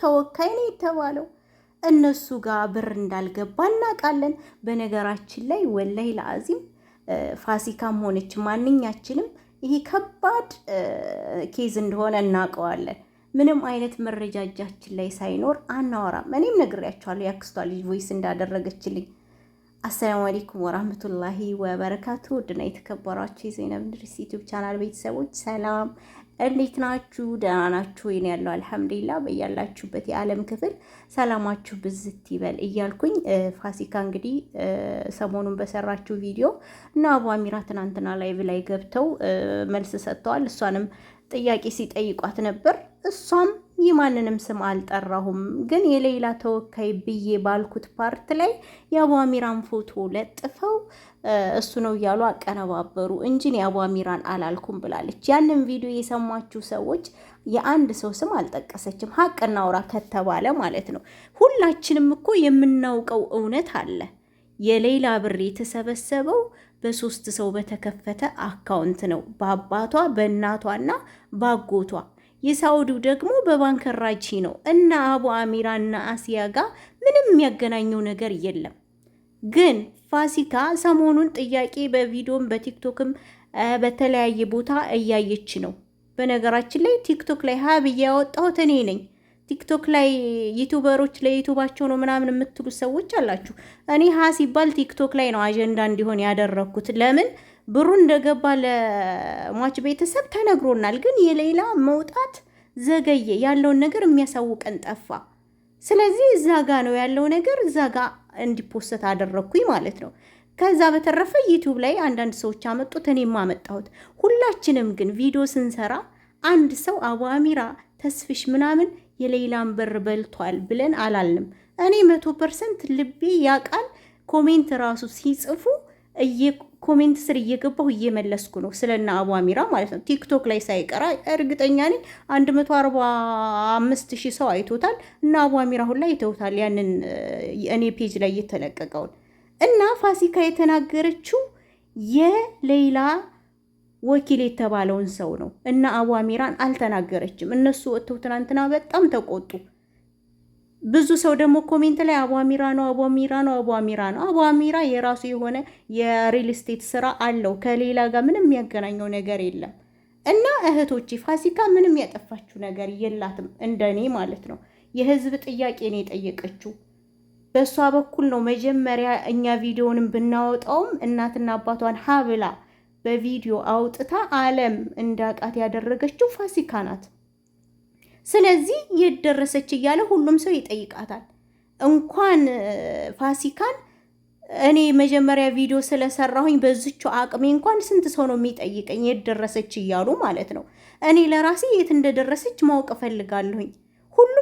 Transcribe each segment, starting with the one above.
ተወካይ ነው የተባለው። እነሱ ጋር ብር እንዳልገባ እናውቃለን። በነገራችን ላይ ወላይ ለአዚም ፋሲካም ሆነች ማንኛችንም ይሄ ከባድ ኬዝ እንደሆነ እናውቀዋለን። ምንም አይነት መረጃ እጃችን ላይ ሳይኖር አናወራም። እኔም ነግሬያቸዋለሁ ያክስቷ ልጅ ቮይስ እንዳደረገችልኝ። አሰላሙ አሌይኩም ወራህመቱላሂ ወበረካቱ። ውድና የተከበሯቸው የዘይነብ ድሪስ ዩቲዩብ ቻናል ቤተሰቦች ሰላም እንዴት ናችሁ? ደህና ናችሁ? ይን ያለው አልሐምዱሊላ። በያላችሁበት የዓለም ክፍል ሰላማችሁ ብዝት ይበል እያልኩኝ ፋሲካ እንግዲህ ሰሞኑን በሰራችሁ ቪዲዮ እና አቡ አሚራ ትናንትና ላይቭ ላይ ገብተው መልስ ሰጥተዋል። እሷንም ጥያቄ ሲጠይቋት ነበር እሷም የማንንም ስም አልጠራሁም፣ ግን የሌላ ተወካይ ብዬ ባልኩት ፓርት ላይ የአቧሚራን ፎቶ ለጥፈው እሱ ነው እያሉ አቀነባበሩ እንጂ የአቧሚራን አላልኩም ብላለች። ያንን ቪዲዮ የሰማችሁ ሰዎች የአንድ ሰው ስም አልጠቀሰችም። ሀቅ እናውራ ከተባለ ማለት ነው። ሁላችንም እኮ የምናውቀው እውነት አለ። የሌላ ብር የተሰበሰበው በሶስት ሰው በተከፈተ አካውንት ነው፣ በአባቷ በእናቷና በአጎቷ የሳውዲው ደግሞ በባንከራቺ ነው እና አቡ አሚራ እና አሲያ ጋር ምንም የሚያገናኘው ነገር የለም። ግን ፋሲካ ሰሞኑን ጥያቄ በቪዲዮም በቲክቶክም በተለያየ ቦታ እያየች ነው። በነገራችን ላይ ቲክቶክ ላይ ሀብ ያወጣሁት እኔ ነኝ። ቲክቶክ ላይ ዩቱበሮች ለዩቱባቸው ነው ምናምን የምትሉ ሰዎች አላችሁ። እኔ ሀ ሲባል ቲክቶክ ላይ ነው አጀንዳ እንዲሆን ያደረግኩት። ለምን ብሩ እንደገባ ለሟች ቤተሰብ ተነግሮናል። ግን የሌላ መውጣት ዘገየ፣ ያለውን ነገር የሚያሳውቀን ጠፋ። ስለዚህ እዛ ጋ ነው ያለው ነገር፣ እዛ ጋ እንዲፖሰት አደረግኩኝ ማለት ነው። ከዛ በተረፈ ዩቱብ ላይ አንዳንድ ሰዎች አመጡት፣ እኔም አመጣሁት። ሁላችንም ግን ቪዲዮ ስንሰራ አንድ ሰው አቡ አሚራ ተስፍሽ ምናምን የሌላን ብር በልቷል ብለን አላልንም። እኔ መቶ ፐርሰንት ልቤ ያቃል። ኮሜንት ራሱ ሲጽፉ ኮሜንት ስር እየገባሁ እየመለስኩ ነው፣ ስለና አቧሚራ ማለት ነው። ቲክቶክ ላይ ሳይቀራ እርግጠኛ ነኝ አንድ መቶ አርባ አምስት ሺህ ሰው አይቶታል እና አቧሚራ ሁን ላይ ይተውታል ያንን እኔ ፔጅ ላይ እየተለቀቀውን እና ፋሲካ የተናገረችው የሌላ ወኪል የተባለውን ሰው ነው እና አዋሚራን አልተናገረችም። እነሱ ወጥተው ትናንትና በጣም ተቆጡ። ብዙ ሰው ደግሞ ኮሜንት ላይ አቧሚራ ነው አቧሚራ ነው አቧሚራ ነው። አቧሚራ የራሱ የሆነ የሪል ስቴት ስራ አለው ከሌላ ጋር ምንም የሚያገናኘው ነገር የለም። እና እህቶቼ ፋሲካ ምንም ያጠፋችው ነገር የላትም፣ እንደኔ ማለት ነው። የህዝብ ጥያቄ ነው የጠየቀችው። በእሷ በኩል ነው መጀመሪያ እኛ ቪዲዮንም ብናወጣውም እናትና አባቷን ሀብላ በቪዲዮ አውጥታ ዓለም እንዳቃት ያደረገችው ፋሲካ ናት። ስለዚህ የደረሰች ደረሰች እያለ ሁሉም ሰው ይጠይቃታል። እንኳን ፋሲካን እኔ መጀመሪያ ቪዲዮ ስለሰራሁኝ በዝቹ አቅሜ እንኳን ስንት ሰው ነው የሚጠይቀኝ የደረሰች እያሉ ማለት ነው። እኔ ለራሴ የት እንደደረሰች ማወቅ እፈልጋለሁኝ።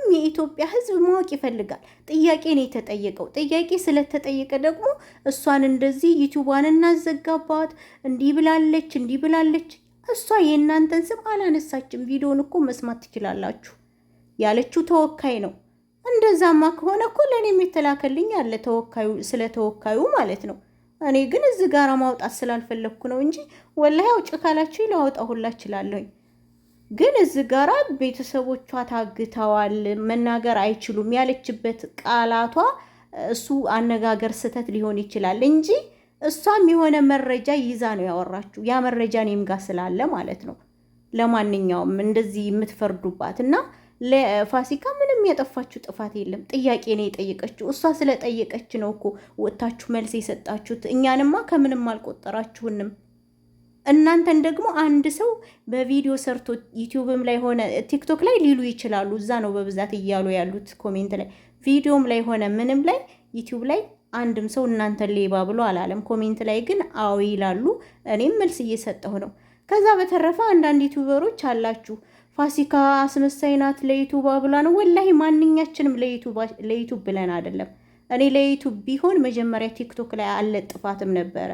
ሁሉም የኢትዮጵያ ህዝብ ማወቅ ይፈልጋል። ጥያቄ ነው የተጠየቀው። ጥያቄ ስለተጠየቀ ደግሞ እሷን እንደዚህ ዩቱቧን እናዘጋባት፣ እንዲህ ብላለች፣ እንዲህ ብላለች። እሷ የእናንተን ስም አላነሳችም። ቪዲዮን እኮ መስማት ትችላላችሁ። ያለችው ተወካይ ነው። እንደዛማ ከሆነ እኮ ለእኔም የተላከልኝ ያለ ተወካዩ ስለ ተወካዩ ማለት ነው። እኔ ግን እዚህ ጋር ማውጣት ስላልፈለግኩ ነው እንጂ ወላሂ አውጭ ካላችሁ ላወጣ ሁላ እችላለሁኝ። ግን እዚ ጋራ ቤተሰቦቿ ታግተዋል፣ መናገር አይችሉም ያለችበት ቃላቷ እሱ አነጋገር ስህተት ሊሆን ይችላል እንጂ እሷም የሆነ መረጃ ይዛ ነው ያወራችሁ ያ መረጃ እኔም ጋር ስላለ ማለት ነው። ለማንኛውም እንደዚህ የምትፈርዱባት እና ለፋሲካ ምንም የጠፋችሁ ጥፋት የለም። ጥያቄ ነው የጠየቀችው። እሷ ስለጠየቀች ነው እኮ ወጥታችሁ መልስ የሰጣችሁት። እኛንማ ከምንም አልቆጠራችሁንም። እናንተን ደግሞ አንድ ሰው በቪዲዮ ሰርቶ ዩቲዩብም ላይ ሆነ ቲክቶክ ላይ ሊሉ ይችላሉ። እዛ ነው በብዛት እያሉ ያሉት ኮሜንት ላይ ቪዲዮም ላይ ሆነ ምንም ላይ ዩቲዩብ ላይ አንድም ሰው እናንተን ሌባ ብሎ አላለም። ኮሜንት ላይ ግን አዎ ይላሉ። እኔም መልስ እየሰጠሁ ነው። ከዛ በተረፈ አንዳንድ ዩቱበሮች አላችሁ ፋሲካ አስመሳይ ናት ለዩቱብ ብላ ነው። ወላሂ ማንኛችንም ለዩቱብ ብለን አይደለም። እኔ ለዩቱብ ቢሆን መጀመሪያ ቲክቶክ ላይ አለጥፋትም ነበረ።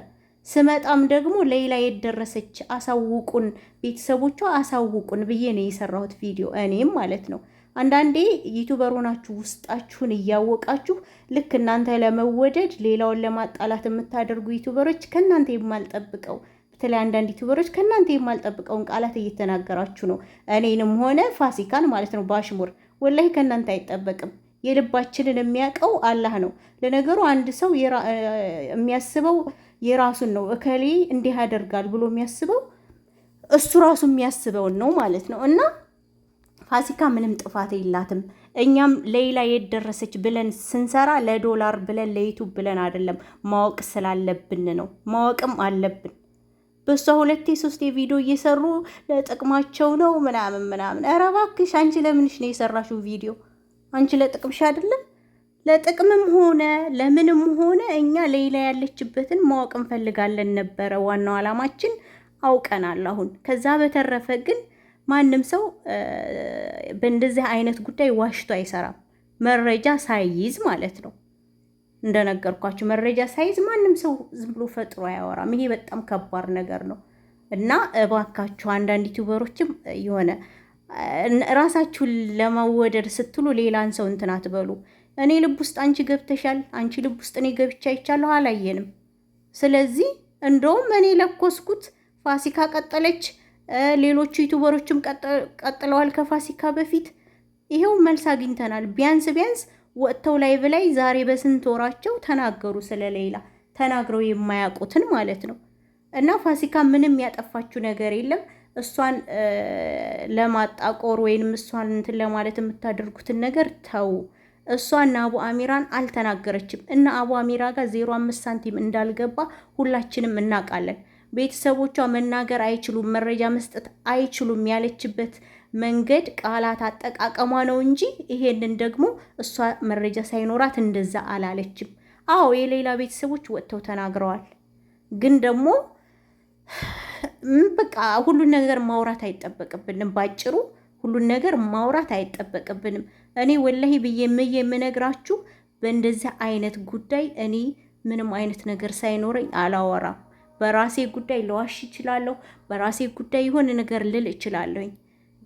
ስመጣም ደግሞ ሌላ የደረሰች አሳውቁን፣ ቤተሰቦቿ አሳውቁን ብዬ ነው የሰራሁት ቪዲዮ እኔም ማለት ነው። አንዳንዴ ዩቱበር ሆናችሁ ውስጣችሁን እያወቃችሁ ልክ እናንተ ለመወደድ ሌላውን ለማጣላት የምታደርጉ ዩቱበሮች ከእናንተ የማልጠብቀው በተለይ አንዳንድ ዩቱበሮች ከእናንተ የማልጠብቀውን ቃላት እየተናገራችሁ ነው እኔንም ሆነ ፋሲካን ማለት ነው በአሽሙር ወላሂ ከእናንተ አይጠበቅም። የልባችንን የሚያውቀው አላህ ነው። ለነገሩ አንድ ሰው የሚያስበው የራሱን ነው። እከሌ እንዲህ ያደርጋል ብሎ የሚያስበው እሱ ራሱ የሚያስበውን ነው ማለት ነው። እና ፋሲካ ምንም ጥፋት የላትም። እኛም ሌላ የት ደረሰች ብለን ስንሰራ ለዶላር ብለን ለዩቱብ ብለን አይደለም፣ ማወቅ ስላለብን ነው። ማወቅም አለብን። በእሷ ሁለቴ ሶስቴ ቪዲዮ እየሰሩ ለጥቅማቸው ነው ምናምን ምናምን። ኧረ እባክሽ አንቺ ለምንሽ ነው የሰራሽው ቪዲዮ አንቺ ለጥቅምሽ አይደለም። ለጥቅምም ሆነ ለምንም ሆነ እኛ ሌላ ያለችበትን ማወቅ እንፈልጋለን ነበረ ዋናው አላማችን አውቀናል አሁን። ከዛ በተረፈ ግን ማንም ሰው በእንደዚህ አይነት ጉዳይ ዋሽቶ አይሰራም፣ መረጃ ሳይይዝ ማለት ነው። እንደነገርኳችሁ መረጃ ሳይዝ ማንም ሰው ዝም ብሎ ፈጥሮ አያወራም። ይሄ በጣም ከባድ ነገር ነው እና እባካችሁ አንዳንድ ዩቲዩበሮችም የሆነ ራሳችሁን ለማወደድ ስትሉ ሌላን ሰው እንትን አትበሉ። እኔ ልብ ውስጥ አንቺ ገብተሻል፣ አንቺ ልብ ውስጥ እኔ ገብቻ ይቻለሁ፣ አላየንም። ስለዚህ እንደውም እኔ ለኮስኩት፣ ፋሲካ ቀጠለች፣ ሌሎቹ ዩቱበሮችም ቀጥለዋል። ከፋሲካ በፊት ይሄው መልስ አግኝተናል። ቢያንስ ቢያንስ ወጥተው ላይ ብላይ ዛሬ በስንት ወራቸው ተናገሩ፣ ስለ ሌላ ተናግረው የማያውቁትን ማለት ነው። እና ፋሲካ ምንም ያጠፋችው ነገር የለም። እሷን ለማጣቆር ወይንም እሷን እንትን ለማለት የምታደርጉትን ነገር ተው። እሷ እና አቡ አሚራን አልተናገረችም እና አቡ አሚራ ጋር ዜሮ አምስት ሳንቲም እንዳልገባ ሁላችንም እናውቃለን። ቤተሰቦቿ መናገር አይችሉም፣ መረጃ መስጠት አይችሉም ያለችበት መንገድ ቃላት አጠቃቀሟ ነው እንጂ ይሄንን ደግሞ እሷ መረጃ ሳይኖራት እንደዛ አላለችም። አዎ የሌላ ቤተሰቦች ወጥተው ተናግረዋል፣ ግን ደግሞ በቃ ሁሉን ነገር ማውራት አይጠበቅብንም። ባጭሩ ሁሉን ነገር ማውራት አይጠበቅብንም። እኔ ወላሂ ብዬ የምነግራችሁ በእንደዚህ አይነት ጉዳይ እኔ ምንም አይነት ነገር ሳይኖረኝ አላወራም። በራሴ ጉዳይ ለዋሽ እችላለሁ። በራሴ ጉዳይ የሆነ ነገር ልል እችላለሁኝ፣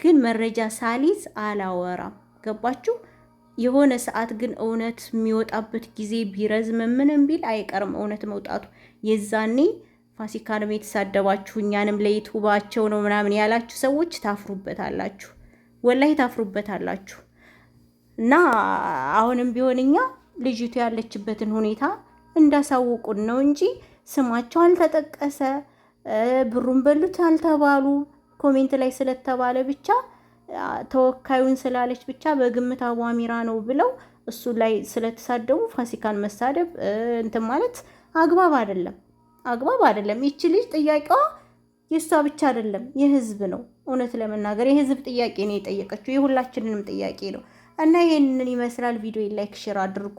ግን መረጃ ሳሊዝ አላወራም። ገባችሁ? የሆነ ሰዓት ግን እውነት የሚወጣበት ጊዜ ቢረዝም ምንም ቢል አይቀርም እውነት መውጣቱ የዛኔ ፋሲካንም የተሳደባችሁ እኛንም ለዩቱባቸው ነው ምናምን ያላችሁ ሰዎች ታፍሩበታላችሁ፣ ወላይ ታፍሩበታላችሁ። እና አሁንም ቢሆን እኛ ልጅቱ ያለችበትን ሁኔታ እንዳሳውቁን ነው እንጂ ስማቸው አልተጠቀሰ፣ ብሩን በሉት አልተባሉ፣ ኮሜንት ላይ ስለተባለ ብቻ ተወካዩን ስላለች ብቻ በግምት አዋሚራ ነው ብለው እሱ ላይ ስለተሳደቡ ፋሲካን መሳደብ እንትን ማለት አግባብ አይደለም። አግባብ አይደለም። ይቺ ልጅ ጥያቄዋ የእሷ ብቻ አይደለም፣ የህዝብ ነው። እውነት ለመናገር የህዝብ ጥያቄ ነው የጠየቀችው፣ የሁላችንንም ጥያቄ ነው እና ይህንን ይመስላል። ቪዲዮ ላይክ፣ ሼር አድርጉ።